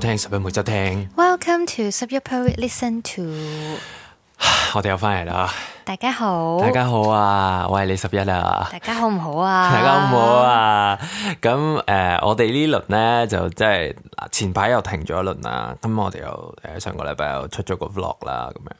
聽拾壹每周聽。Welcome to 十一 p o Listen to，我哋又翻嚟啦。大家好，大家好啊，我係李十一啊。大家好唔好啊？大家好唔好啊？咁誒、啊呃，我哋呢輪咧就即、就、係、是、前排又停咗一輪啊。咁我哋又誒上個禮拜又出咗個 Vlog 啦。咁樣誒、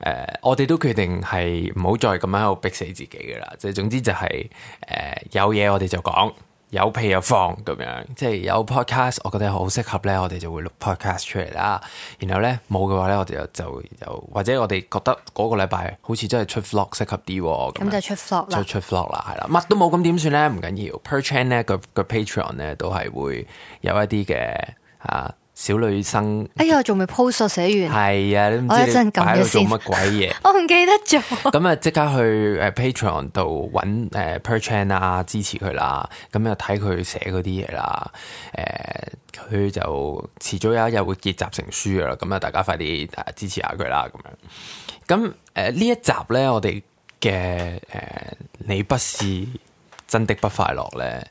呃，我哋都決定係唔好再咁樣喺度逼死自己噶啦。即係總之就係、是、誒、呃、有嘢我哋就講。有屁又放咁樣，即係有 podcast，我覺得好適合咧，我哋就會錄 podcast 出嚟啦。然後咧冇嘅話咧，我哋就就，就或者我哋覺得嗰個禮拜好似真係出 vlog 適合啲，咁就出 vlog 啦，出出 vlog 啦，係啦，乜都冇，咁點算咧？唔緊要，per chain 咧個個 patron 咧都係會有一啲嘅啊。小女生，哎呀，仲未 post 寫完，係啊，你唔知真咁嘅先，做乜鬼嘢？我唔記得咗。咁啊，即刻去誒 Patreon 度搵誒 Perchian 啊支持佢啦，咁又睇佢寫嗰啲嘢啦。誒、呃，佢就遲早有一日會結集成書噶啦。咁啊，大家快啲支持下佢啦。咁樣，咁誒呢一集咧，我哋嘅誒，你不是真的不快樂咧。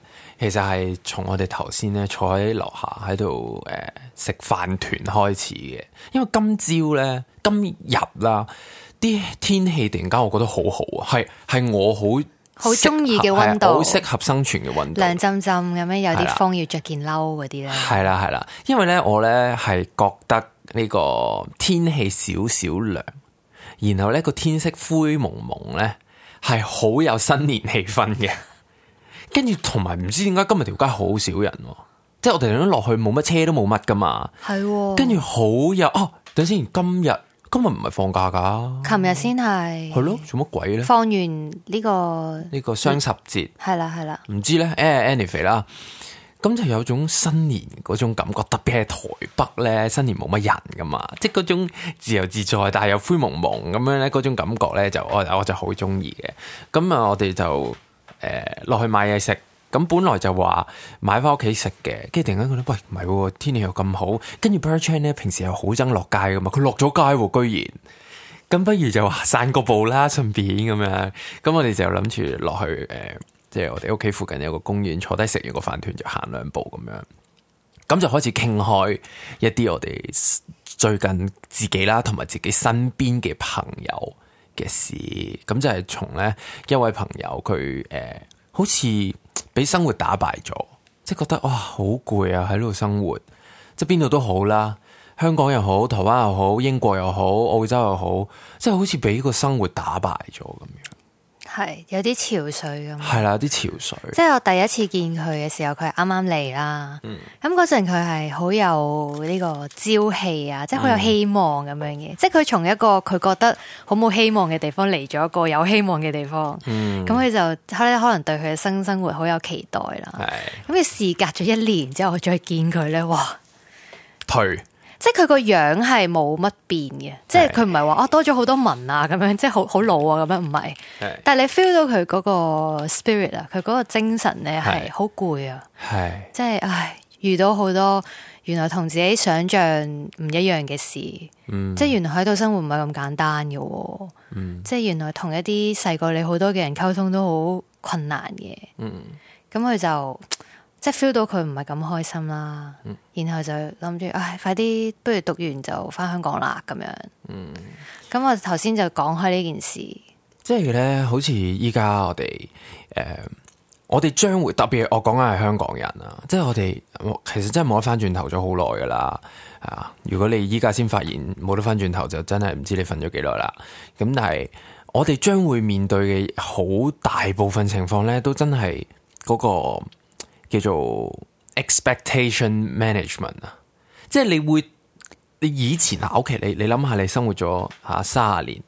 其實係從我哋頭先咧坐喺樓下喺度誒食飯糰開始嘅，因為今朝咧今日啦，啲天氣突然間我覺得好好啊，係係我好好中意嘅溫度，好適合生存嘅溫度，涼浸浸咁樣有啲風，啦要着件褸嗰啲咧，係啦係啦，啦，因為咧我咧係覺得呢個天氣少少涼，然後咧個天色灰蒙蒙咧，係好有新年氣氛嘅。跟住同埋唔知點解今日條街好少人，啊，即係我哋兩個落去冇乜車都冇乜噶嘛，係。跟住好有哦、啊，等先，今日今日唔係放假噶、啊，琴日先係，係咯，做乜鬼咧？放完呢個呢個雙十節，係啦係啦，唔知咧。誒，anyway 啦，咁就有種新年嗰種感覺，特別係台北咧新年冇乜人噶嘛，即係嗰種自由自在，但係又灰蒙蒙咁樣咧，嗰種感覺咧就我我就好中意嘅。咁啊，我哋就。誒，落去買嘢食，咁本來就話買翻屋企食嘅，跟住突然間覺得喂唔係，天氣又咁好，跟住 Perchian 咧平時又好憎落街噶嘛，佢落咗街喎居然，咁不如就話散個步啦，順便咁樣，咁我哋就諗住落去誒，即、呃、係、就是、我哋屋企附近有個公園，坐低食完個飯團就行兩步咁樣，咁就開始傾開一啲我哋最近自己啦，同埋自己身邊嘅朋友嘅事，咁就係從呢一位朋友佢誒、呃，好似俾生活打敗咗，即係覺得哇好攰啊，喺呢度生活，即係邊度都好啦，香港又好，台灣又好，英國又好，澳洲又好，即係好似俾個生活打敗咗咁樣。係有啲潮水咁。係啦，有啲潮水。潮水即係我第一次見佢嘅時候，佢係啱啱嚟。啦咁嗰陣佢係好有呢個朝氣啊，即係好有希望咁樣嘅。即係佢從一個佢覺得好冇希望嘅地方嚟咗一個有希望嘅地方。咁佢，嗯，就可能對佢嘅新生活好有期待啦。咁佢事隔咗一年之後佢再見佢咧，哇！退。即係佢個樣係冇乜變嘅，即係佢唔係話哦多咗好多紋啊咁樣，即係好好老啊咁樣，唔係。但係你 feel 到佢嗰個 spirit 啊，佢嗰個精神咧係好攰啊，係是即係唉遇到好多原來同自己想象唔一樣嘅事，嗯、即係原來喺度生活唔係咁簡單嘅，哦，嗯，即係原來同一啲細過你好多嘅人溝通都好困難嘅，咁佢、嗯、就。即係 feel 到佢唔係咁開心啦，嗯、然後就諗住，唉，快啲，不如讀完就翻香港啦咁樣。嗯，咁我頭先就講開呢件事，即係咧，好似依家我哋誒、呃，我哋將會特別，我講緊係香港人啊，即係我哋其實真係冇得翻轉頭咗好耐噶啦，啊。如果你依家先發現冇得翻轉頭，就真係唔知你瞓咗幾耐啦。咁但係我哋將會面對嘅好大部分情況咧，都真係嗰、嗰個。叫做 expectation management 啊，即係你會你以前啊，OK，你你諗下，你生活咗吓卅年，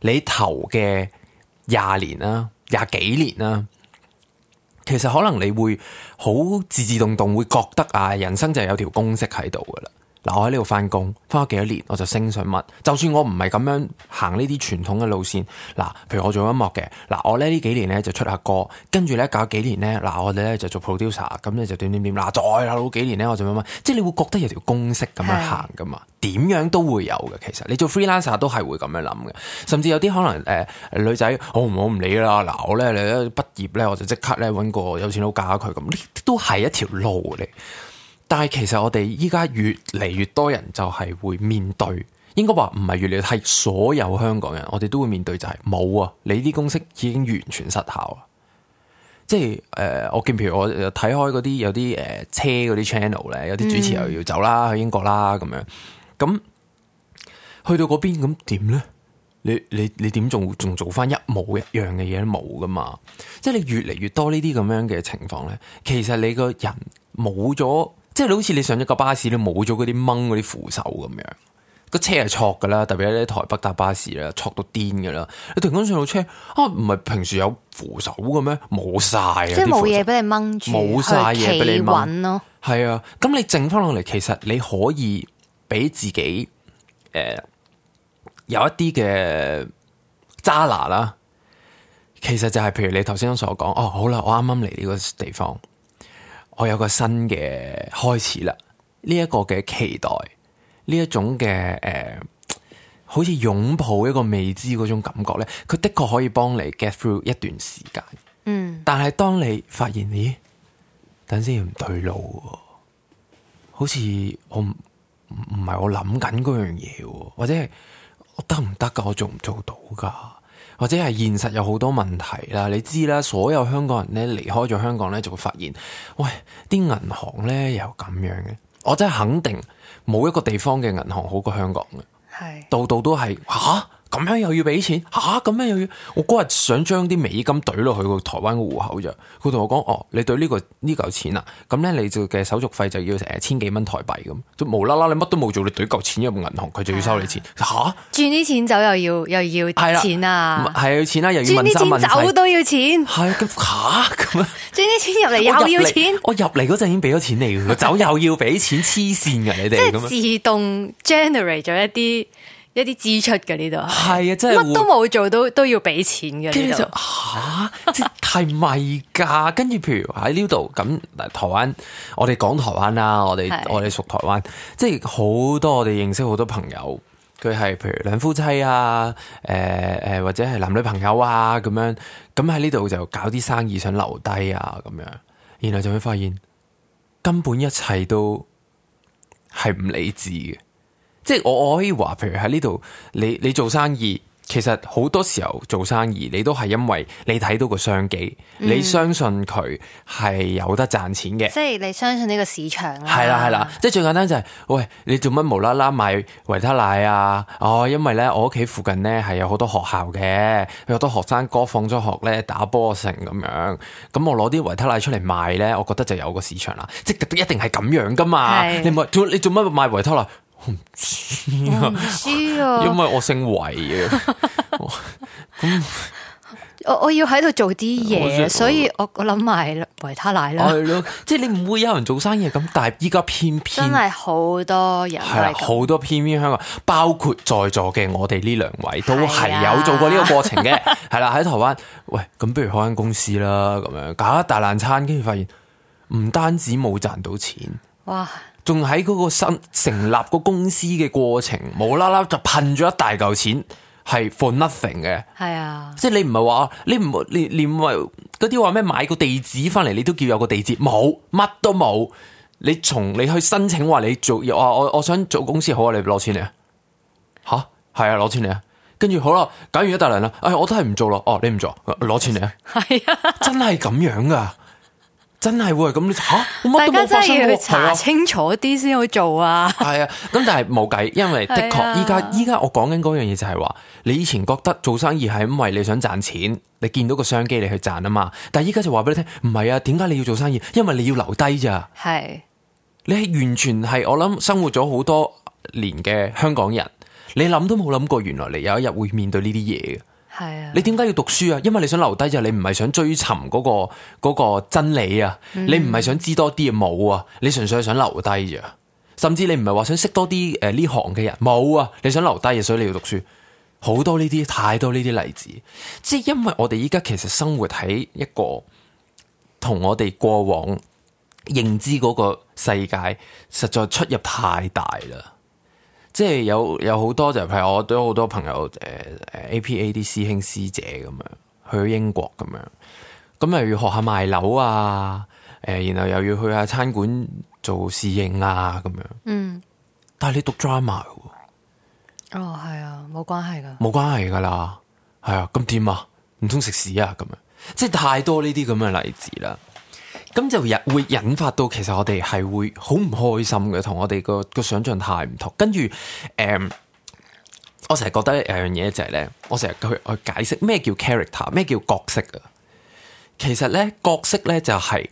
你頭嘅廿年啦，廿幾年啦，其實可能你會好自自動動會覺得啊，人生就有條公式喺度噶啦。嗱，我喺呢度翻工，翻咗幾多年，我就升上乜。就算我唔係咁樣行呢啲傳統嘅路線，嗱，譬如我做音樂嘅，嗱，我咧呢幾年咧就出下歌，跟住咧搞幾年咧，嗱，我哋咧就做 producer，咁你就點點點，嗱，再老幾年咧，我就乜乜，即係你會覺得有條公式咁樣行噶嘛？點樣都會有嘅，其實你做 freelancer 都係會咁樣諗嘅，甚至有啲可能誒、呃，女仔好唔好唔理啦，嗱，我咧你畢業咧，我就即刻咧搵個有錢佬嫁佢咁，呢都係一條路嚟。但係其實我哋依家，越嚟越多人就係會面對，應該話唔係越嚟越係所有香港人，我哋都會面對就係、是、冇啊！你啲公式已經完全失效啊！即係誒、呃，我見譬如我睇開嗰啲有啲誒車嗰啲 channel 咧，有啲、呃、主持又要走啦，嗯、去英國啦咁樣，咁去到嗰邊咁點咧？你你你點仲仲做翻一模一樣嘅嘢都冇噶嘛！即係你越嚟越多呢啲咁樣嘅情況咧，其實你個人冇咗。即係好似你上咗個巴士，你冇咗嗰啲掹嗰啲扶手咁樣，個車係戳噶啦，特別喺台北搭巴士啦，戳到癲噶啦。你突然間上到車啊，唔係平時有扶手咁咩？冇晒，即係冇嘢俾你掹住，冇晒嘢俾你掹咯。係啊，咁你整翻落嚟，其實你可以俾自己誒、呃、有一啲嘅渣拿啦。其實就係譬如你頭先所講，哦，好啦，我啱啱嚟呢個地方。我有個新嘅開始啦，呢、這、一個嘅期待，呢一種嘅誒、呃，好似擁抱一個未知嗰種感覺咧，佢的確可以幫你 get through 一段時間。嗯，但係當你發現，咦，等先唔對路、啊，好似我唔唔係我諗緊嗰樣嘢、啊，或者係我得唔得噶？我做唔做到噶？或者係現實有好多問題啦，你知啦，所有香港人咧離開咗香港咧，就會發現，喂，啲銀行咧又咁樣嘅，我真係肯定冇一個地方嘅銀行好過香港嘅，係是，度度都係嚇。咁樣又要俾錢吓？咁、啊、樣又要我嗰日想將啲美金懟落去個台灣個戶口啫。佢同我講：哦，你懟呢、這個呢嚿、這個、錢啊，咁咧你就嘅手續費就要成千幾蚊台幣咁。就無啦啦，你乜都冇做，你懟嚿錢入個銀行，佢就要收你錢吓。轉、啊、啲錢走又要又要錢啊！係啊，錢啦、啊，又要。轉啲錢走都要錢。係咁吓咁啊！轉、啊、啲錢入嚟又要錢。我入嚟嗰陣已經俾咗錢你。嘅，走又要俾錢，黐線噶你哋、啊。即係自動 generate 咗一啲。一啲支出嘅，呢度係啊，真係乜都冇做都都要俾錢嘅。跟住，就吓，即係咪噶？跟住譬如喺呢度咁，台灣，我哋講台灣啦，我哋我哋熟台灣，即係好多我哋認識好多朋友，佢係譬如兩夫妻啊，誒、呃、誒或者係男女朋友啊咁樣，咁喺呢度就搞啲生意想留低啊咁樣，然後就會發現根本一切都係唔理智嘅。即係我我可以話，譬如喺呢度，你你做生意，其實好多時候做生意，你都係因為你睇到個商機，嗯、你相信佢係有得賺錢嘅。即係你相信呢個市場啦。係啦係啦，即係最簡單就係、是，喂，你做乜無啦啦賣維他奶啊？哦，因為咧我屋企附近咧係有好多學校嘅，有好多學生哥放咗學咧打波成咁樣，咁我攞啲維他奶出嚟賣咧，我覺得就有個市場啦。即一定係咁樣噶嘛？是你唔做你做乜賣維他奶？唔知啊，唔知啊，因為我姓維啊，咁 那我我要喺度做啲嘢，所以我我諗埋維他奶咯、啊，即係你唔會有人做生意咁，但係依家偏偏真係好多人係好多偏偏香港包括在座嘅我哋呢兩位都係有做過呢個過程嘅。係啦喺台灣 喂，咁不如開間公司啦，咁樣搞一大爛餐，跟住發現唔單止冇賺到錢，哇！仲喺嗰個新成立個公司嘅過程，冇啦啦就噴咗一大嚿錢，係 for nothing 嘅。係是啊，即，即係你唔係話你唔你連為嗰啲話咩買個地址翻嚟，你都叫有個地址冇，乜都冇。你從你去申請話你做，我我，我想做公司好啊，你攞錢嚟啊？吓，係啊，攞錢嚟啊！跟住好啦，搞完一大輪啦，哎，我都係唔做咯。哦，你唔做，攞錢嚟是啊？係啊，真係咁樣噶。真係會咁你吓，都大家真係要去查清楚啲先去做啊！係 啊，咁但係冇計，因為的確依家，依家我講緊嗰樣嘢就係話，你以前覺得做生意係因為你想賺錢，你見到個商機你去賺啊嘛，但係依家就話俾你聽，唔係啊，點解你要做生意？因為你要留低咋，係是你係完全係我諗生活咗好多年嘅香港人，你諗都冇諗過原來你有一日會面對呢啲嘢。係啊！你點解要讀書啊？因為你想留低啫，你唔係想追尋嗰、嗰個、嗰個真理啊，mm hmm. 你唔係想知多啲嘢冇啊，你純粹係想留低啫。甚至你唔係話想識多啲誒呢行嘅人冇啊，你想留低，所以你要讀書。好多呢啲太多呢啲例子，即係因為我哋依家其實生活喺一個同我哋過往認知嗰個世界實在出入太大啦。即係有有好多就係我都有好多朋友誒誒、呃、APA 啲師兄師姐咁樣去英國咁樣，咁又要學下賣樓啊，誒、呃，然後又要去下餐館做侍應啊，咁樣嗯，但係你讀 drama 喎、啊，哦，係啊，冇關係噶，冇關係噶啦，係啊，咁點啊，唔通食屎啊，咁樣，即係太多呢啲咁嘅例子啦。咁就引會引發到，其實我哋係會好唔開心嘅，同我哋個個想象太唔同。跟住，誒，我成日覺得一樣嘢就係咧，我成日去去解釋咩叫 character，咩叫角色嘅。其實咧，角色咧就係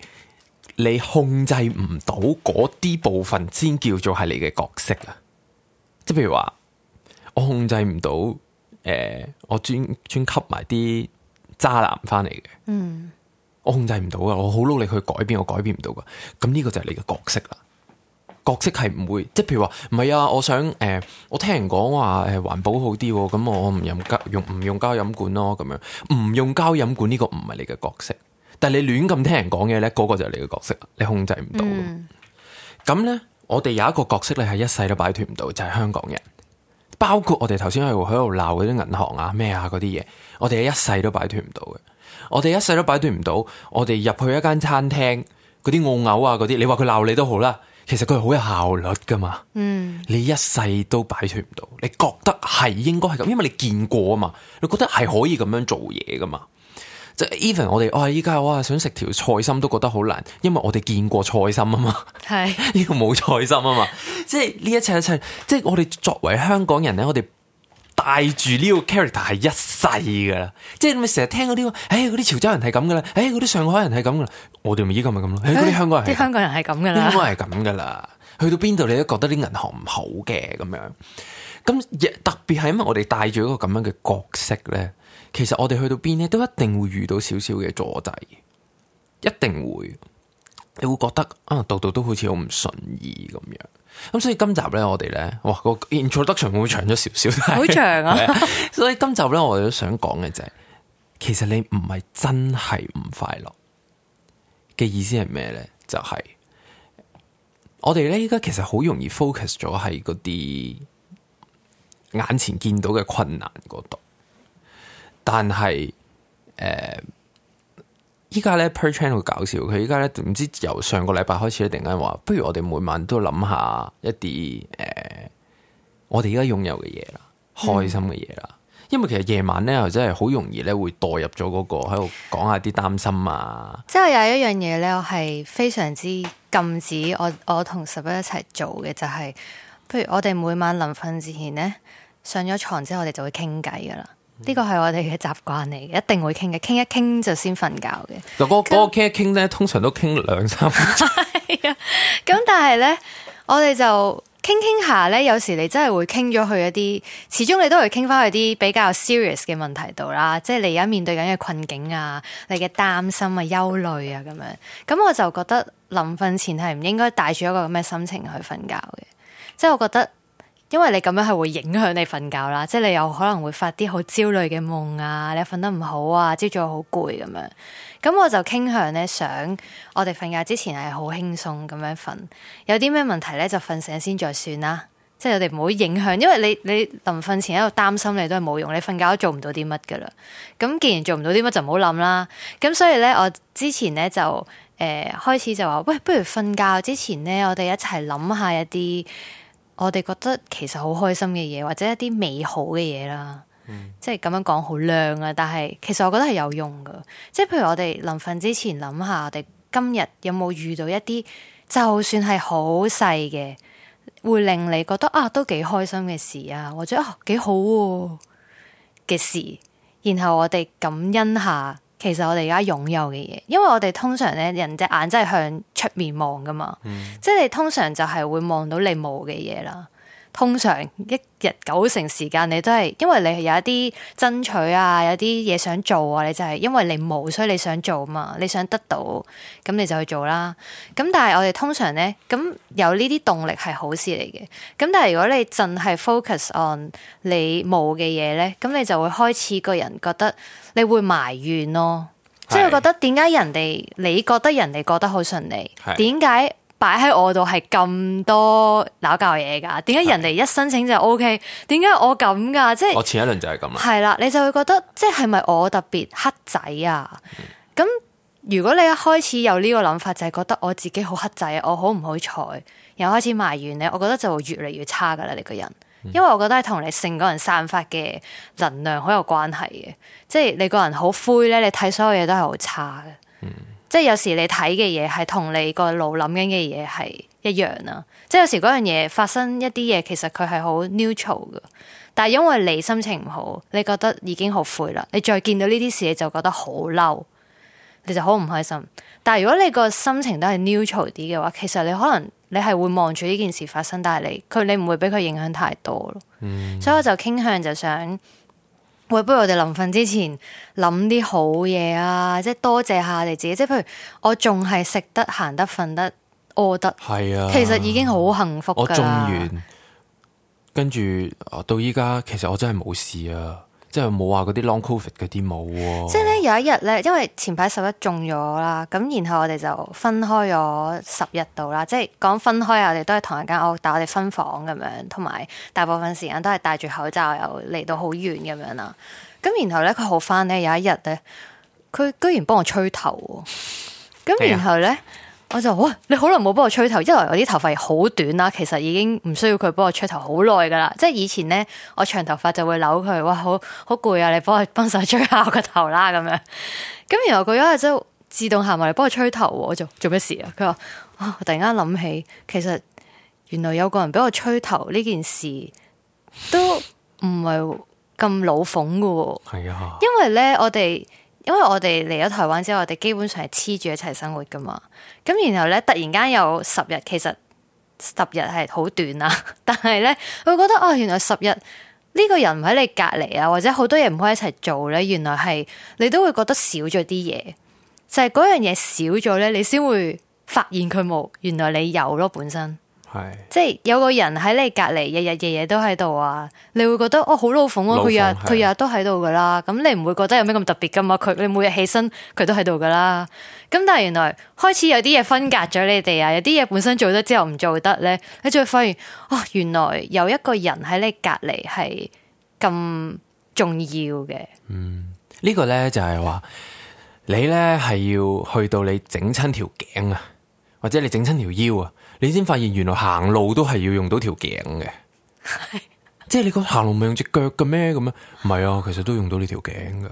你控制唔到嗰啲部分，先叫做係你嘅角色啊。即係譬如話，我控制唔到，誒、呃，我專專吸埋啲渣男翻嚟嘅。嗯。我控制唔到噶，我好努力去改變，我改變唔到噶。咁呢個就係你嘅角色啦。角色係唔會，即係譬如話唔係啊，我想誒、呃，我聽人講話誒，呃、環保好啲，咁、嗯、我唔飲用唔用，用膠飲管咯，咁樣唔用膠飲管呢、這個唔係你嘅角色，但係你亂咁聽人講嘢咧，嗰、那個就係你嘅角色，你控制唔到。咁咧、嗯，我哋有一個角色，你係一世都擺脱唔到，就係、是、香港人，包括我哋頭先係喺度鬧嗰啲銀行啊咩啊嗰啲嘢，我哋係一世都擺脱唔到嘅。我哋一世都擺脫唔到，我哋入去一間餐廳，嗰啲澳牛啊嗰啲，你話佢鬧你都好啦，其實佢係好有效率噶嘛。嗯，你一世都擺脫唔到，你覺得係應該係咁，因為你見過啊嘛，你覺得係可以咁樣做嘢噶嘛。即係 even 我哋，哇依家我係想食條菜心都覺得好難，因為我哋見過菜心啊嘛。係呢個冇菜心啊嘛。即係呢一切一切，即係我哋作為香港人咧，我哋。帶住呢個 character 係一世噶啦，即係你咪成日聽嗰啲，誒嗰啲潮州人係咁噶啦，誒嗰啲上海人係咁噶啦，我哋咪依家咪咁咯，誒嗰啲香港人，啲香港人係咁噶啦，應該係咁噶啦，去到邊度你都覺得啲銀行唔好嘅咁樣，咁特別係因為我哋帶住一個咁樣嘅角色咧，其實我哋去到邊咧都一定會遇到少少嘅阻滯，一定會，你會覺得啊度度都，都好似好唔順意咁樣。咁所以今集咧，我哋咧，哇個 introduction 會唔會長咗少少，好長啊！所以今集咧，我哋都想講嘅就係，其實你唔係真係唔快樂嘅意思係咩咧？就係，我哋咧依家其實好容易 focus 咗喺嗰啲眼前見到嘅困難嗰度，但係誒。呃依家咧 Per Channel 搞笑，佢依家咧，唔知由上個禮拜開始咧，突然間話，不如我哋每晚都諗下一啲誒、呃，我哋而家擁有嘅嘢啦，開心嘅嘢啦。嗯、因為其實夜晚咧，又真係好容易咧，會墮入咗嗰、那個喺度講下啲擔心啊。即係有一樣嘢咧，我係非常之禁止我我同十一一齊做嘅，就係、是，不如我哋每晚臨瞓之前咧，上咗床之後，我哋就會傾偈噶啦。呢個係我哋嘅習慣嚟嘅，一定會傾嘅，傾一傾就先瞓覺嘅。嗱、嗰個，嗰嗰個傾一傾咧，通常都傾兩三分鐘。咁 但係咧，我哋就傾傾下咧，有時你真係會傾咗去一啲，始終你都係傾翻去啲比較 serious 嘅問題度啦。即係你而家面對緊嘅困境啊，你嘅擔心啊、憂慮啊咁樣。咁我就覺得臨瞓前係唔應該帶住一個咁嘅心情去瞓覺嘅。即係我覺得。因為你咁樣係會影響你瞓覺啦，即係你有可能會發啲好焦慮嘅夢啊，你瞓得唔好啊，朝早好攰咁樣。咁我就傾向咧想，我哋瞓覺之前係好輕鬆咁樣瞓，有啲咩問題咧就瞓醒先再算啦。即係我哋唔好影響，因為你你臨瞓前喺度擔心你都係冇用，你瞓覺都做唔到啲乜噶啦。咁既然做唔到啲乜就唔好諗啦。咁所以咧，我之前咧就誒、呃、開始就話，喂，不如瞓覺之前咧，我哋一齊諗下一啲。我哋覺得其實好開心嘅嘢，或者一啲美好嘅嘢啦，嗯、即係咁樣講好靚啊！但係其實我覺得係有用噶，即係譬如我哋臨瞓之前諗下，我哋今日有冇遇到一啲就算係好細嘅，會令你覺得啊都幾開心嘅事啊，或者啊幾好嘅、啊、事，然後我哋感恩下。其實我哋而家擁有嘅嘢，因為我哋通常咧，人隻眼真係向出面望㗎嘛，嗯、即係你通常就係會望到你冇嘅嘢啦。通常一日九成時間你都係，因為你係有一啲爭取啊，有啲嘢想做啊，你就係因為你冇，所以你想做嘛，你想得到，咁你就去做啦。咁但係我哋通常咧，咁有呢啲動力係好事嚟嘅。咁但係如果你淨係 focus on 你冇嘅嘢咧，咁你就會開始個人覺得你會埋怨咯，是即係係覺得點解人哋你覺得人哋覺得好順利，點解是？擺喺我度係咁多攋教嘢噶，點解人哋一申請就 OK？點解我咁噶？即係我前一輪就係咁啦。係啦，你就會覺得，即係咪我特別黑仔啊？咁、嗯、如果你一開始有呢個諗法，就係、是、覺得我自己好黑仔，我好唔好彩，又開始埋怨你，我覺得就會越嚟越差噶啦。你個人，因為我覺得係同你成個人散發嘅能量好有關係嘅，即係你個人好灰咧，你睇所有嘢都係好差嘅。嗯即係有時你睇嘅嘢係同你個腦諗緊嘅嘢係一樣啦。即係有時嗰樣嘢發生一啲嘢，其實佢係好 neutral 㗎。但係因為你心情唔好，你覺得已經好悔啦。你再見到呢啲事，你就覺得好嬲，你就好唔開心。但係如果你個心情都係 neutral 啲嘅話，其實你可能你係會望住呢件事發生，但係你佢你唔會俾佢影響太多咯。嗯、所以我就傾向就想。喂，不如我哋臨瞓之前諗啲好嘢啊，即係多謝下我哋自己，即係譬如我仲係食得、行得、瞓得、屙得，係啊，其實已經好幸福噶啦。了跟住到依家，其實我真係冇事啊。即係冇話嗰啲 Long Covid 嗰啲冇喎。即係咧有一日咧，因為前排十一中咗啦，咁然後我哋就分開咗十日度啦。即係講分開啊，我哋都係同一間屋，但我哋分房咁樣，同埋大部分時間都係戴住口罩又嚟到好遠咁樣啦。咁然後咧佢好翻咧，有一日咧，佢居然幫我吹頭。咁然後咧。哎呀我就哇！你好耐冇幫我吹頭，一來我啲頭髮好短啦，其實已經唔需要佢幫我吹頭好耐噶啦。即係以前咧，我長頭髮就會扭佢，哇，好好攰啊！你幫我幫手吹下我個頭啦咁樣。咁然後佢因為真自動行埋嚟幫我吹頭，我就做做咩事啊？佢話哇，我突然間諗起，其實原來有個人畀我吹頭呢件事都唔係咁老奉噶。係啊，因為咧我哋。因為我哋嚟咗台灣之後，我哋基本上係黐住一齊生活噶嘛，咁然後咧突然間有十日，其實十日係好短啊，但係咧，我會覺得啊、哦，原來十日呢個人唔喺你隔籬啊，或者好多嘢唔可以一齊做咧，原來係你都會覺得少咗啲嘢，就係、是、嗰樣嘢少咗咧，你先會發現佢冇，原來你有咯本身。係，即係有個人喺你隔籬，日日夜夜，夜都喺度啊！你會覺得哦，好老奉啊！佢老奉日佢日，日都喺度噶啦，咁是的 你唔會覺得有咩咁特別噶嘛？佢你每日起身佢都喺度噶啦，咁但係原來開始有啲嘢分隔咗你哋啊，有啲嘢本身做得之後唔做得咧，你就會發現哦，原來有一個人喺你隔籬係咁重要嘅。嗯，這個、呢個咧就係、是、話你咧係要去到你整親條頸啊，或者你整親條腰啊。你先發現原來行路都係要用到條頸嘅。 即係你講行路咪用隻腳嘅咩？咁樣唔係啊，其實都用到呢條頸嘅。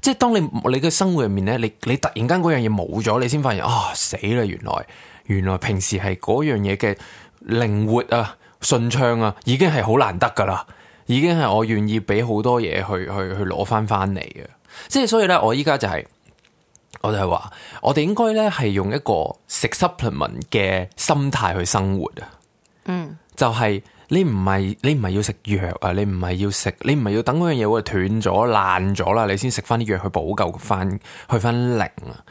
即係當你你嘅生活入面咧，你你突然間嗰樣嘢冇咗，你先發現啊、哦、死啦！原來原來平時係嗰樣嘢嘅靈活啊、順暢啊，已經係好難得噶啦，已經係我願意俾好多嘢去去去攞翻翻嚟嘅。即係所以咧，我依家就係、是。我就係話，我哋應該咧係用一個食 supplement 嘅心態去生活啊。嗯，就係你唔係你唔係要食藥啊，你唔係要食，你唔係要，要等嗰樣嘢會斷咗爛咗啦，你先食翻啲藥去補救翻去翻零啊。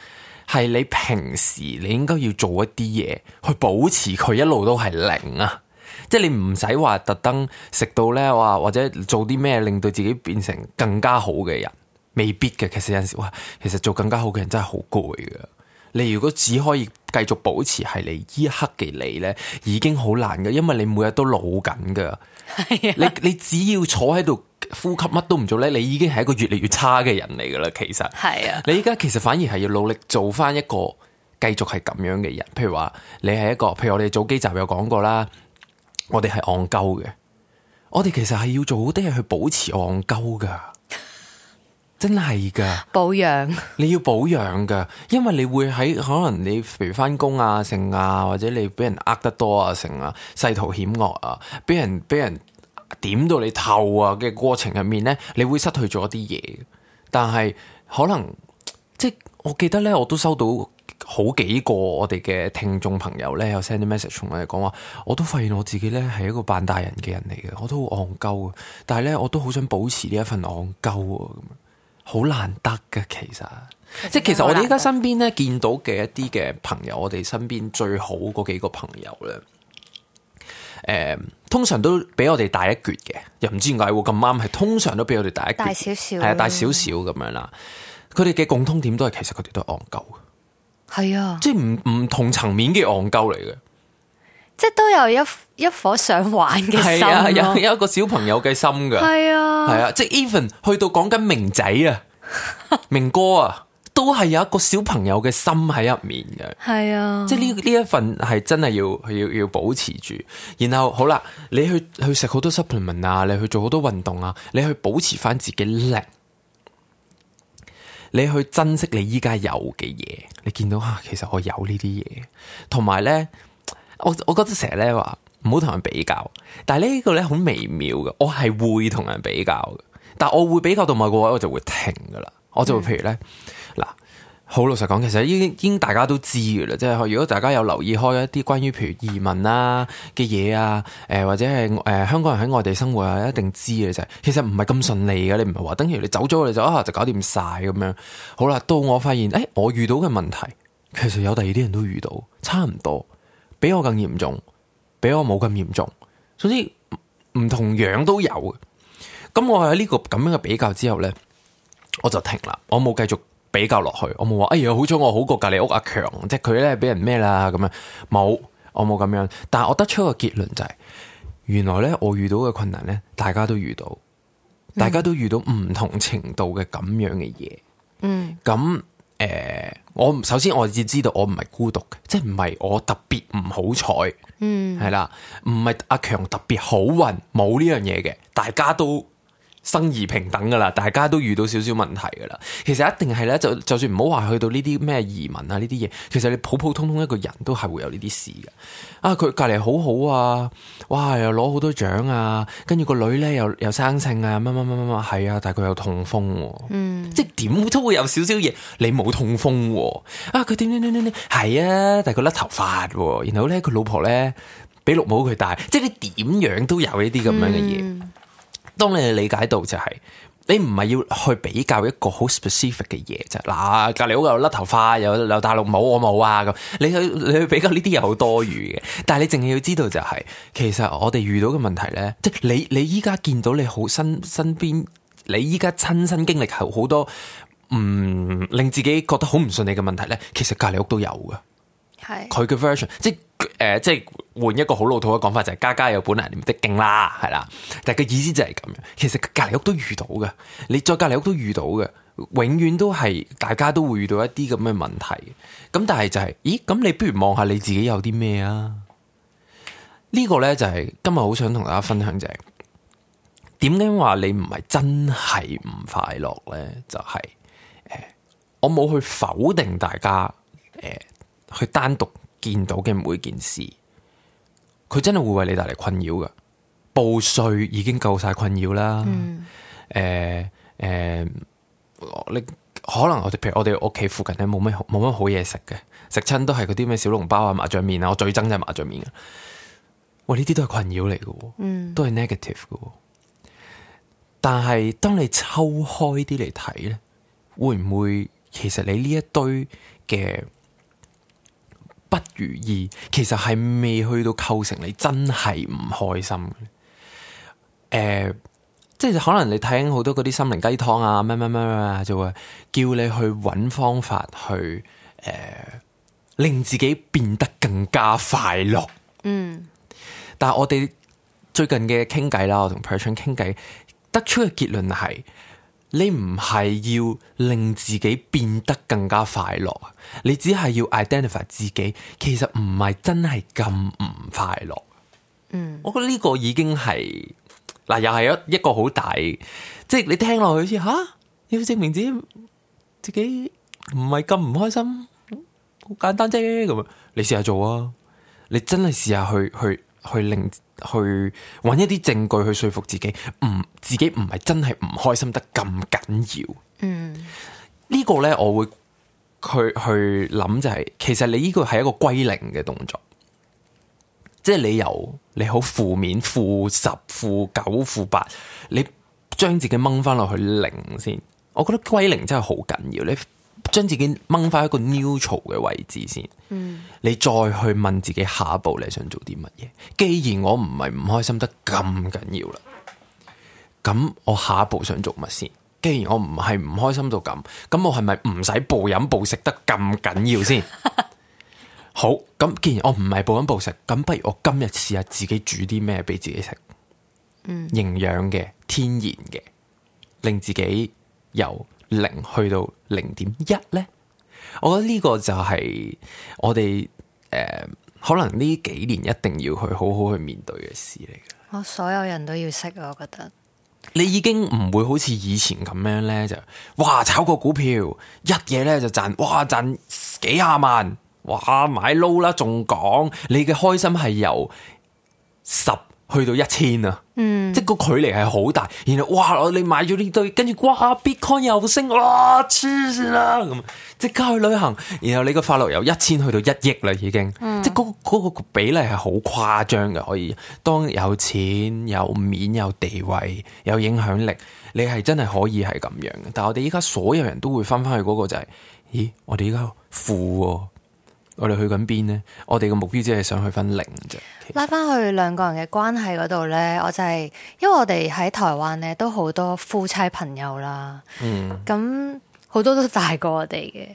係你平時你應該要做一啲嘢去保持佢一路都係零啊，即 係你唔使話特登食到咧，或或者做啲咩令到自己變成更加好嘅人。未必嘅，其實有陣時，哇，其實做更加好嘅人真係好攰嘅。你如果只可以繼續保持係你依一刻嘅你咧，已經好難嘅，因為你每日都老緊噶。 你你只要坐喺度呼吸乜都唔做咧，你已經係一個越嚟越差嘅人嚟噶啦。其實係啊， 你而家其實反而係要努力做翻一個繼續係咁樣嘅人。譬如話，你係一個，譬如我哋早幾集有講過啦，我哋係戇鳩嘅，我哋其實係要做好啲嘢，去保持戇鳩噶真係噶保養養， 你要保養噶，因為你會喺可能你譬如翻工啊成啊，或者你俾人呃得多啊成啊，世途險惡啊，俾人俾人點到你透啊嘅過程入面咧，你會失去咗一啲嘢。但係可能即係，我記得咧，我都收到好幾個我哋嘅聽眾朋友咧，有 send 啲 message 同我哋講話，我都發現我自己咧係一個扮大人嘅人嚟嘅，我都好戇鳩啊，但係咧，我都好想保持呢一份戇鳩啊咁好難得㗎，其實即係其實我哋依家身邊咧見到嘅一啲嘅朋友，我哋身邊最好嗰幾個朋友咧，誒，通常都比我哋大一橛嘅，又唔知點解會咁啱，係通常都比我哋大一橛，係啊，大少少咁樣啦。佢哋嘅共通點都係，其實佢哋都係戇鳩，係啊，即係唔唔同層面嘅戇鳩嚟嘅。即都有一一顆想玩嘅心啊，啊有，有一個小朋友嘅心噶，係 啊，係啊，即，即 even 去到講緊明仔啊、 明哥啊，都係有一個小朋友嘅心喺入面嘅，係 啊，即係呢呢一份係真係要要要保持住。然後好啦，你去去食好多 supplement 啊，你去做好多運動啊，你去保持翻自己叻，你去珍惜你依家有嘅嘢，你見到吓、啊，其實我有，有呢啲嘢，同埋咧。我我覺得成日咧話唔好同人比較，但係呢個咧好微妙嘅，我係會同人比較嘅，但係我會比較到某個位，我就會停噶啦，我就會譬如咧，嗱、嗯，好老實講，其實已經大家都知噶啦，即係如果大家有留意開一啲關於譬如移民啊嘅嘢啊，誒、啊呃、或者係誒、呃、香港人喺外地生活啊，一定知嘅啫。其實唔係咁順利嘅，你唔係話等於你走咗，你就一下、啊、就搞掂晒咁樣。好啦，到我發現誒、欸，我遇到嘅問題，其實有第二啲人都遇到，差唔多。比我更嚴重，比我冇咁嚴重，總之唔同樣都有嘅。咁我喺呢個咁樣嘅比較之後呢，我就停啦，我冇繼續比較落去，我冇話哎呀，好彩我好過隔籬屋阿強，即係佢呢俾人咩啦咁樣，冇，我冇咁樣。但係我得出個結論就係，原來呢，我遇到嘅困難呢，大家都遇到，大家都遇到唔同程度嘅咁樣嘅嘢。嗯，咁。誒、呃，我首先我只知道我唔係孤獨嘅，即係唔係我特別唔好彩，嗯，係啦，唔係阿強特別好運，冇呢樣嘢嘅，大家都。生而平等噶啦，大家都遇到少少問題噶啦。其實一定係咧，就就算唔好話去到呢啲咩移民啊，呢啲嘢，其實你普普通通一個人都係會有呢啲事嘅。啊，佢隔籬好好啊，哇，又攞好多獎啊，跟住個女咧又又生性啊，乜乜乜乜乜係啊，但係佢又痛風，嗯，即係點都會有少少嘢。你冇痛風啊，啊，佢點點點點點係啊，但係佢甩頭髮，然後咧佢老婆咧俾綠帽佢帶，即係你點樣都有呢啲咁樣嘅嘢。當你理解到就係、是，你唔係要去比較一個好 specific 嘅嘢啫。嗱、就是，隔籬屋有甩頭髮，有又大陸冇我冇啊咁。你去你去比較呢啲嘢好多餘嘅。但係你淨係要知道就係、是，其實我哋遇到嘅問題咧，即、就、係、是、你你依家見到你好身身邊，你依家親身經歷好好多，唔、嗯、令自己覺得好唔順利嘅問題咧，其實隔籬屋都有㗎。佢嘅 version，即係誒，即係換、呃、一個好老土嘅講法，就係、是、家家有本難念的經啦，係啦。但係個意思就係咁樣，其實隔籬屋都遇到嘅，你再隔籬屋都遇到嘅，永遠都係大家都會遇到一啲咁嘅問題。咁但係就係、是，咦？咁你不如望下你自己有啲咩啊？這個、呢個咧就係、是、今日好想同大家分享就係，點解話你唔係真係唔快樂咧？就係、是、誒、就是呃，我冇去否定大家誒。呃去單獨見到嘅每件事，佢真係會為你帶嚟困擾噶。報稅已經夠晒困擾啦。誒誒、mm. 呃呃，你可能我哋譬如我哋屋企附近咧冇咩冇乜好嘢食嘅，食親都係嗰啲咩小籠包啊、麻醬麵啊。我最憎就係麻醬麵啊。喂，呢啲都係困擾嚟㗎，嗯，mm. 都係 negative 嘅。但係當你抽開啲嚟睇咧，會唔會其實你呢一堆嘅？不如意，其實係未去到構成你真係唔開心。誒、呃，即係可能你睇好多嗰啲心靈雞湯啊，咩咩咩咩啊，就會叫你去揾方法去誒、呃，令自己變得更加快樂。嗯，但係我哋最近嘅傾偈啦，我同 p a t r s o n 傾偈，得出嘅結論係。你唔係要令自己變得更加快樂，你只係要 identify 自己，其實唔係真係咁唔快樂。嗯，我覺得呢個已經係嗱，又係一一個好大，即係你聽落去先吓，要證明自己自己唔係咁唔開心，好簡單啫。咁樣，你試下做啊，你真係試下去去。去去令去揾一啲證據去說服自己，唔自己唔係真係唔開心得咁緊要。嗯，呢個咧我會去去諗就係、是，其實你呢個係一個歸零嘅動作，即係你由你好負面負十負九負八，你將自己掹翻落去零先。我覺得歸零真係好緊要。你。將自己掹翻一個 neutral 嘅位置先，嗯、你再去問自己下一步你想做啲乜嘢？既然我唔係唔開心得咁緊要啦，咁我下一步想做乜先？既然我唔係唔開心到咁，咁我係咪唔使暴飲暴食得咁緊要先？ 好，咁既然我唔係暴飲暴食，咁不如我今日試下自己煮啲咩俾自己食，嗯，營養嘅、天然嘅，令自己有。零去到零點一呢，我覺得呢個就係我哋誒、呃，可能呢幾年一定要去好好去面對嘅事嚟嘅。我所有人都要識，我覺得你已經唔會好似以前咁樣呢。就哇炒個股票一嘢呢就賺，哇賺幾廿萬，哇買撈啦仲講，你嘅開心係由十。去到一千啊，嗯、即係個距離係好大，然後哇，你買咗呢對，跟住哇，Bitcoin 又升，哇黐線啦，咁即刻去旅行，然後你個法律由一千去到一億啦，已經，嗯、即係嗰嗰個比例係好誇張嘅，可以當有錢、有面、有地位、有影響力，你係真係可以係咁樣嘅。但係我哋依家所有人都會返返去嗰個就係、是，咦，我哋依家富喎、哦。.我哋去緊邊呢？我哋嘅目標只係想去分零啫。拉翻去兩個人嘅關係嗰度呢，我就係、是，因為我哋喺台灣呢，都好多夫妻朋友啦。咁好、嗯、多都大過我哋嘅。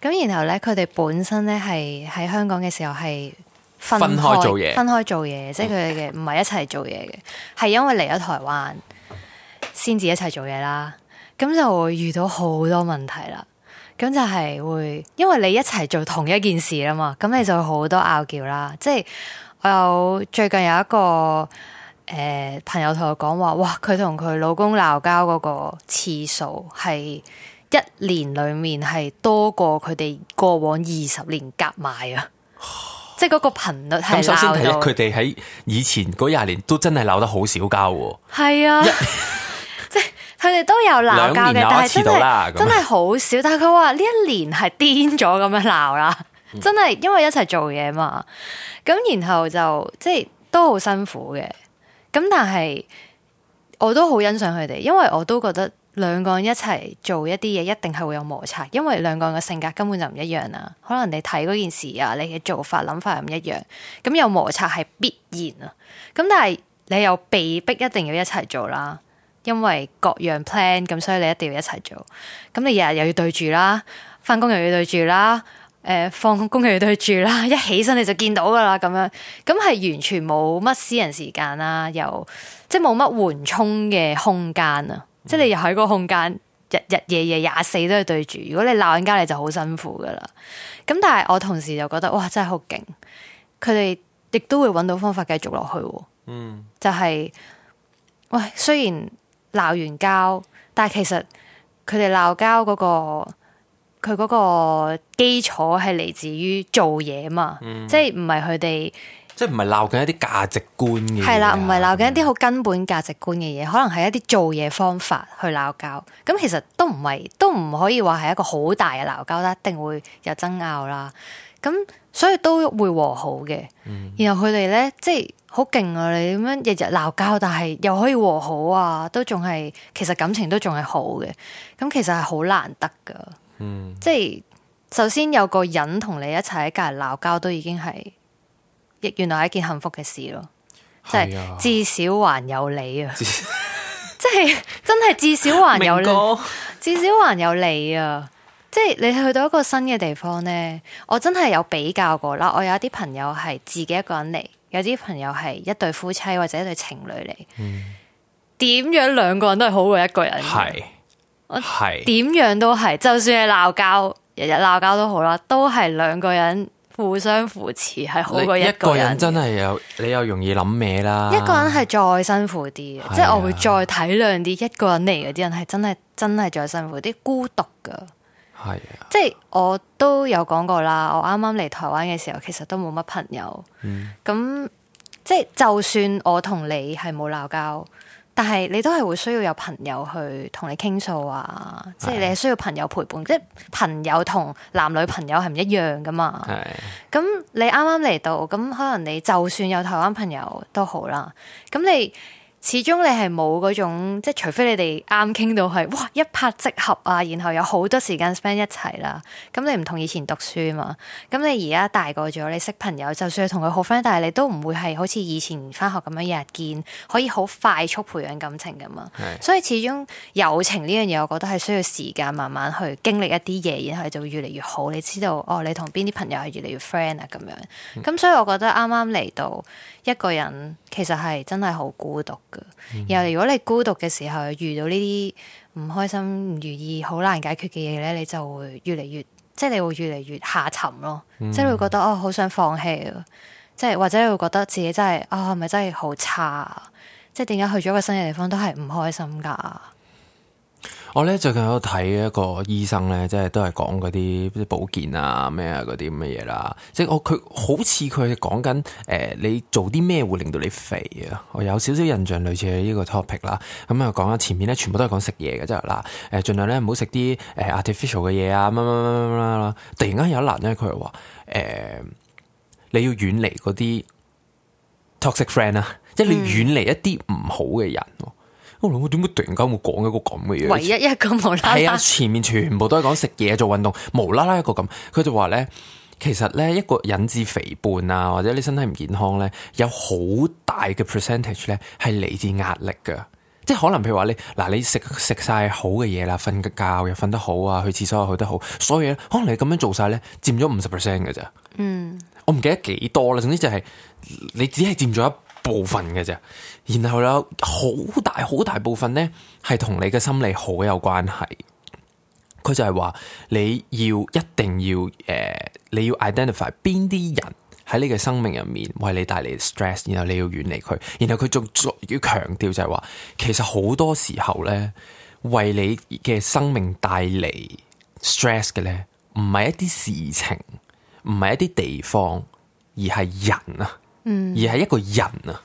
咁、嗯、然後呢，佢哋本身呢係喺香港嘅時候係分開做嘢，分開做嘢，即係佢哋嘅唔係一齊做嘢嘅，係、嗯、因為嚟咗台灣先至一齊做嘢啦。咁就會遇到好多問題啦。咁就係會，因為你一齊做同一件事啦嘛，咁你就會好多拗撬啦。即係我有最近有一個誒、呃、朋友同我講話，哇，佢同佢老公鬧交嗰個次數係一年裏面係多過佢哋過往二十年夾埋啊！ 即係嗰個頻率係鬧。首先係佢哋喺以前嗰廿年都真係鬧得好少交喎。係啊，即係。佢哋都有鬧交嘅，但係真係這樣 真係好少。但係佢話呢一年係癲咗咁樣鬧啦，嗯、真係因為一齊做嘢嘛。咁然後就即係都好辛苦嘅。咁但係我都好欣賞佢哋，因為我都覺得兩個人一齊做一啲嘢，一定係會有摩擦，因為兩個人嘅性格根本就唔一樣啊。可能你睇嗰件事啊，你嘅做法諗法又唔一樣，咁有摩擦係必然啊。咁但係你又被迫一定要一齊做啦。因為各樣 plan 咁，所以你一定要一齊做。咁你日日又要對住啦，返工又要對住啦，誒、呃，放工又要對住啦，一起身你就見到噶啦。咁樣咁係完全冇乜私人時間啦，又即係冇乜緩衝嘅空間啊！即係、嗯、你又喺個空間日日夜夜廿四都要對住。如果你鬧緊交，你就好辛苦噶啦。咁但係我同時就覺得哇，真係好勁！佢哋亦都會揾到方法繼續落去、啊。嗯，就係、是、喂，雖然。鬧完交，但係其實佢哋鬧交嗰個佢嗰個基礎係嚟自於做嘢嘛，嗯、即係唔係佢哋，即係唔係鬧緊一啲價值觀嘅嘢、啊，係啦，唔係鬧緊一啲好根本價值觀嘅嘢，可能係一啲做嘢方法去鬧交，咁其實都唔係，都唔可以話係一個好大嘅鬧交，一定會有爭拗啦，咁。所以都會和好嘅，嗯、然後佢哋咧，即係好勁啊！你咁樣日日鬧交，但係又可以和好啊，都仲係，其實感情都仲係好嘅。咁其實係好難得噶，嗯、即係首先有個人同你一齊喺隔籬鬧交，都已經係亦原來係一件幸福嘅事咯。即係是、啊、至少還有你啊！是啊 即係真係至少還有你，白至少還有你啊！即係你去到一個新嘅地方呢，我真係有比較過啦。我有一啲朋友係自己一個人嚟，有啲朋友係一對夫妻或者一對情侶嚟。點樣，嗯，兩個人都係好過一個人，係係我係點樣都係。係就算係鬧交，日日鬧交都好啦，都係兩個人互相扶持係好過一個人。一個人真係有你又容易諗咩啦。一個人係再辛苦啲，即係我會再體諒啲。一個人嚟嗰啲人係真係真係再辛苦啲，孤獨噶。即係、就是、我都有講過啦。我啱啱嚟台灣嘅時候，其實都冇乜朋友。咁即係就算我同你係冇鬧交，但係你都係會需要有朋友去同你傾訴啊。即、就、係、是、你係需要朋友陪伴，即、就、係、是、朋友同男女朋友係唔一樣㗎嘛。咁、嗯、你啱啱嚟到，咁可能你就算有台灣朋友都好啦。咁你。始終你係冇嗰種，即係除非你哋啱傾到係，哇一拍即合啊，然後有好多時間 spend 一齊啦。咁你唔同以前讀書嘛，咁你而家大個咗，你識朋友，就算你同佢好 friend，但係你都唔會係好似以前翻學咁樣日日見，可以好快速培養感情噶嘛。是所以始終友情呢樣嘢，我覺得係需要時間慢慢去經歷一啲嘢，然後就會越嚟越好。你知道哦，你同邊啲朋友係越嚟越 friend 啊，咁樣。咁、嗯、所以我覺得啱啱嚟到。一個人其實係真係好孤獨噶，然後如果你孤獨嘅時候遇到呢啲唔開心、唔如意、好難解決嘅嘢咧，你就會越嚟越，即係你會越嚟越下沉咯，即係會覺得哦，好想放棄，即係或者你會覺得自己真係啊，係咪真係好差？即係點解去咗一個新嘅地方都係唔開心噶？我咧，最近喺度睇一個醫生咧，即係都係講嗰啲保健啊咩啊嗰啲咁嘅嘢啦。即係我佢好似佢講緊誒，你做啲咩會令到你肥啊？我有少少印象類似呢個 topic 啦。咁、嗯、啊，講下前面咧全部都係講食嘢嘅啫啦。誒、即係，盡量咧唔好食啲誒 artificial 嘅嘢啊，乜乜乜乜啦。突然間有一欄咧，佢話誒，你要遠離嗰啲 toxic friend 啊，即係你遠離一啲唔好嘅人。嗯點解突然間會講一個咁嘅嘢？唯一一個無啦啦係啊，前面全部都係講食嘢做運動，無啦啦一個咁，佢就話咧，其實咧一個引致肥胖啊，或者你身體唔健康咧，有好大嘅 percentage 咧係嚟自壓力噶，即係可能譬如話你嗱，你食食晒好嘅嘢啦，瞓個覺又瞓得好啊，去廁所又去得好，所以咧可能你咁樣做晒咧佔咗五十 percent 噶咋。嗯，我唔記得幾多啦，總之就係你只係佔咗一。部分嘅啫，然後有好大好大部分咧，係同你嘅心理好有關係。佢就係話你要一定要誒、呃，你要 identify 邊啲人喺你嘅生命入面為你帶嚟 stress，然後你要遠離佢。然後佢仲仲要強調就係話，其實好多時候咧，為你嘅生命帶嚟 stress 嘅咧，唔係一啲事情，唔係一啲地方，而係人啊。嗯，而係一個人啊，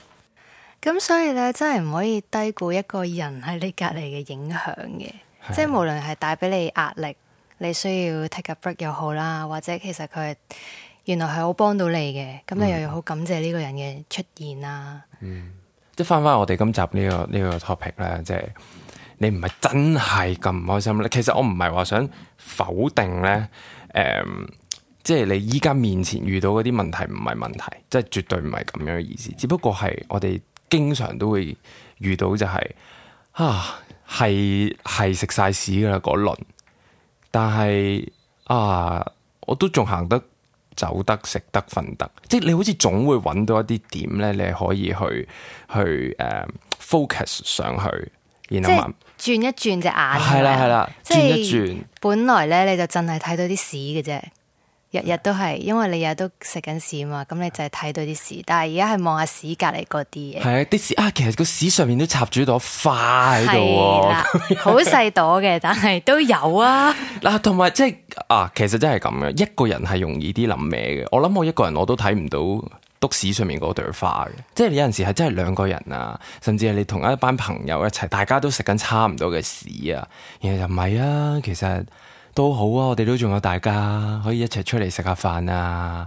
咁、嗯、所以咧，真係唔可以低估一個人喺你隔籬嘅影響嘅，的即係無論係帶俾你壓力，你需要 take a break 又好啦，或者其實佢原來係好幫到你嘅，咁你又要好感謝呢個人嘅出現啦、啊嗯。嗯，即係翻翻我哋今集呢、呢個呢、呢個 topic 咧，即係你唔係真係咁唔開心咧。其實我唔係話想否定咧，誒、嗯。即係你依家面前遇到嗰啲問題唔係問題，即係絕對唔係咁樣嘅意思。只不過係我哋經常都會遇到、就是，就係啊，係係食晒屎噶啦嗰輪。但係啊，我都仲行得、走得、食得、瞓得，即係你好似總會揾到一啲點咧，你可以去去誒、uh, focus 上去，然後轉一轉隻眼，係啦係啦，啊、是轉一轉。本來咧，你就真係睇到啲屎嘅啫。日日都係，因為你日日都食緊屎嘛，咁你就係睇到啲屎。但係而家係望下屎隔離嗰啲嘢。係啊，啲屎啊，其實個屎上面都插住一朵花喺度喎，啊。好細、啊、 朵嘅，但係都有啊。嗱、啊，同埋即係啊，其實真係咁樣，一個人係容易啲諗咩嘅？我諗我一個人我都睇唔到篤屎上面嗰朵花嘅。即係你有陣時係真係兩個人啊，甚至係你同一班朋友一齊，大家都食緊差唔多嘅屎啊，然後就唔係啊，其實。都好啊，我哋都仲有大家可以一齊出嚟食下飯啊，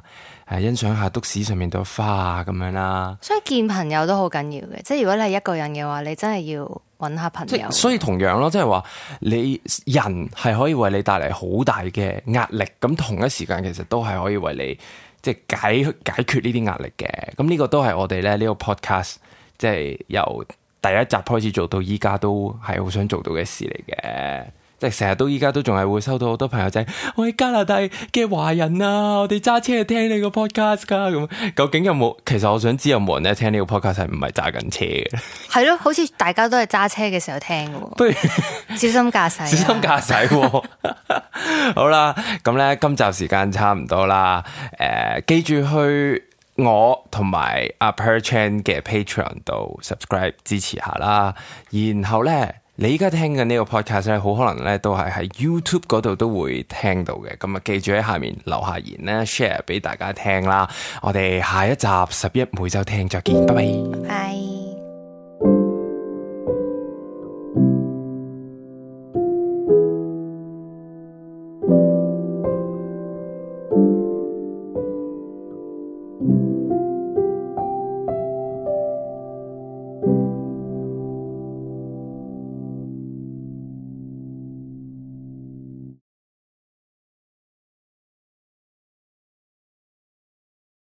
誒、啊，欣賞下都市上面朵花啊，咁樣啦、啊。所以見朋友都好緊要嘅，即係如果你係一個人嘅話，你真係要揾下朋友。所以同樣咯，即係話你人係可以為你帶嚟好大嘅壓力，咁同一時間其實都係可以為你即係、就是、解解決呢啲壓力嘅。咁呢個都係我哋咧呢、這個 podcast 即係由第一集開始做到依家都係好想做到嘅事嚟嘅。即係成日都依家都仲係會收到好多朋友仔，喂，加拿大嘅華人啊，我哋揸車聽呢個 podcast 噶、啊、咁，究竟有冇？其實我想知有冇人咧聽呢個 podcast 係唔係揸緊車嘅？係咯，好似大家都係揸車嘅時候聽噶。不如對 小心駕駛，小心駕駛、啊。 好啦，咁咧今集時間差唔多啦。誒、呃，記住去我同埋阿 Perchan 嘅 Patreon 度 subscribe 支持下啦。然後咧。你而家聽緊呢個 podcast 咧，好可能咧都係喺 YouTube 嗰度都會聽到嘅。咁啊，記住喺下面留下言咧，share 俾大家聽啦。我哋下一集十一每週聽，再見，拜拜。